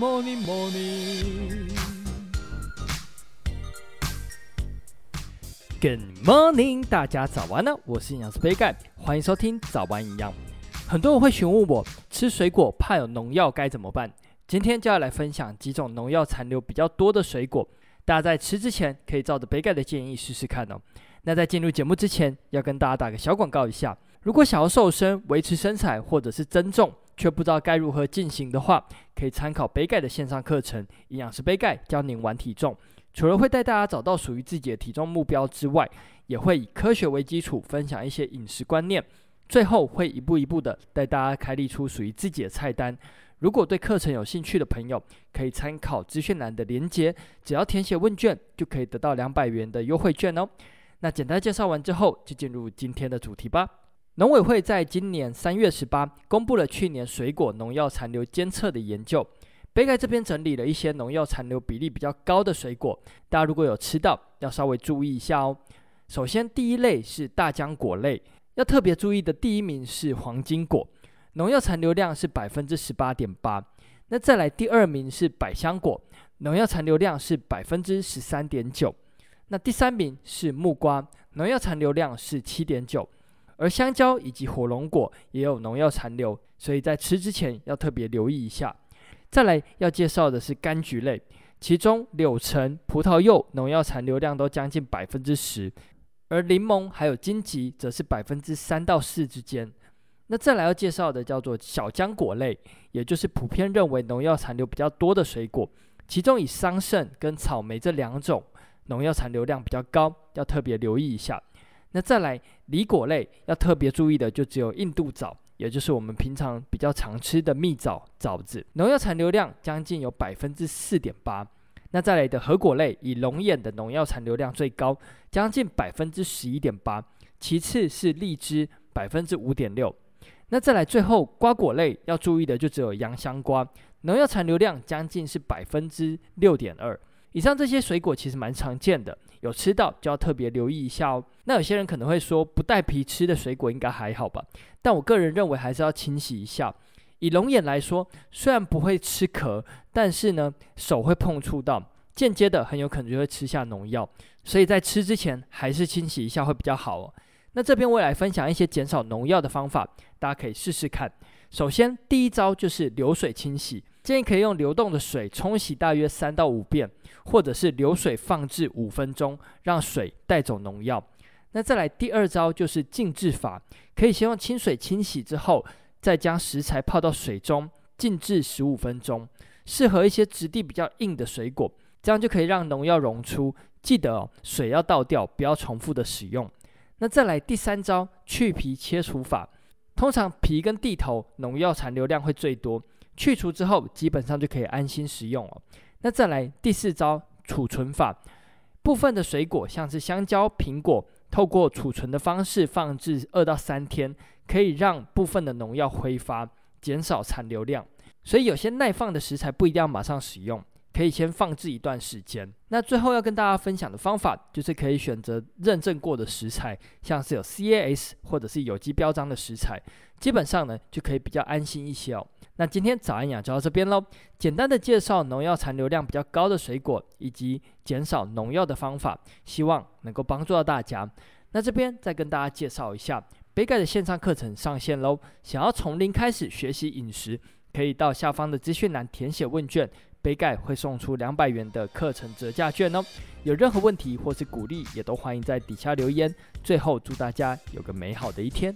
Morning, morning. Good morning，大家早安呢！我是營養師杯蓋，歡迎收聽早安營養。很多人會詢問我，吃水果怕有農藥該怎麼辦？今天就要來分享幾種農藥殘留比較多的水果，大家在吃之前可以照着杯蓋的建議試試看哦。那在進入節目之前，要跟大家打個小廣告一下：如果想要瘦身、維持身材或者是增重，卻不知道該如何進行的話，可以參考杯蓋的線上課程《營養師杯蓋教您玩體重》。除了會帶大家找到屬於自己的體重目標之外，也會以科學為基礎分享一些飲食觀念，最後會一步一步的帶大家開立出屬於自己的菜單。如果對課程有興趣的朋友，可以參考資訊欄的連結，只要填寫問卷就可以得到兩百元的優惠券哦。那簡單介紹完之後，就進入今天的主題吧。農委會在今年三月十八公布了去年水果農藥殘留監測的研究。杯蓋這邊整理了一些農藥殘留比例比較高的水果，大家如果有吃到，要稍微注意一下哦。首先，第一類是大漿果類，要特別注意的第一名是黃金果，農藥殘留量是百分之十八點八。那再來第二名是百香果，農藥殘留量是百分之十三點九。那第三名是木瓜，農藥殘留量是七點九。而香蕉以及火龍果也有農藥殘留，所以在吃之前要特別留意一下。再來要介紹的是柑橘類，其中柳橙、葡萄柚農藥殘留量都將近百分之十，而檸檬還有金桔則是百分之三到四之間。那再來要介紹的叫做小漿果類，也就是普遍認為農藥殘留比較多的水果，其中以桑葚跟草莓這兩種農藥殘留量比較高，要特別留意一下。那再來梨果類要特別注意的，就只有印度棗，也就是我們平常比較常吃的蜜棗棗子，農藥殘留量將近有百分之四點八。那再來的核果類，以龍眼的農藥殘留量最高，將近百分之十一點八，其次是荔枝百分之五點六。那再來最後瓜果類要注意的，就只有洋香瓜，農藥殘留量將近是百分之六點二。以上這些水果其實蠻常見的，有吃到就要特別留意一下哦。那有些人可能會說，不帶皮吃的水果應該還好吧？但我個人認為還是要清洗一下。以龍眼來說，雖然不會吃殼，但是呢手會碰觸到，間接的很有可能就會吃下農藥，所以在吃之前還是清洗一下會比較好哦。那這邊我也來分享一些減少農藥的方法，大家可以試試看。首先，第一招就是流水清洗。建議可以用流動的水沖洗大約三到五遍，或者是流水放置五分鐘，讓水帶走農藥。那再來第二招就是靜置法，可以先用清水清洗之後，再將食材泡到水中靜置十五分鐘，適合一些質地比較硬的水果，這樣就可以讓農藥溶出。記得哦，水要倒掉，不要重複的使用。那再來第三招，去皮切除法，通常皮跟蒂頭農藥殘留量會最多。去除之後，基本上就可以安心食用了哦。那再來第四招儲存法，部分的水果像是香蕉、蘋果，透過儲存的方式放置二到三天，可以讓部分的農藥揮發，減少殘留量。所以有些耐放的食材不一定要馬上使用，可以先放置一段時間。那最後要跟大家分享的方法，就是可以選擇認證過的食材，像是有 CAS 或者是有機標章的食材，基本上呢就可以比較安心一些哦。那今天早安養，就到這邊嘍，簡單的介紹農藥殘留量比較高的水果以及減少農藥的方法，希望能夠幫助到大家。那這邊再跟大家介紹一下杯蓋的線上課程上線嘍，想要從零開始學習飲食，可以到下方的資訊欄填寫問卷，杯蓋會送出兩百元的課程折價券哦。有任何問題或是鼓勵，也都歡迎在底下留言。最後祝大家有個美好的一天。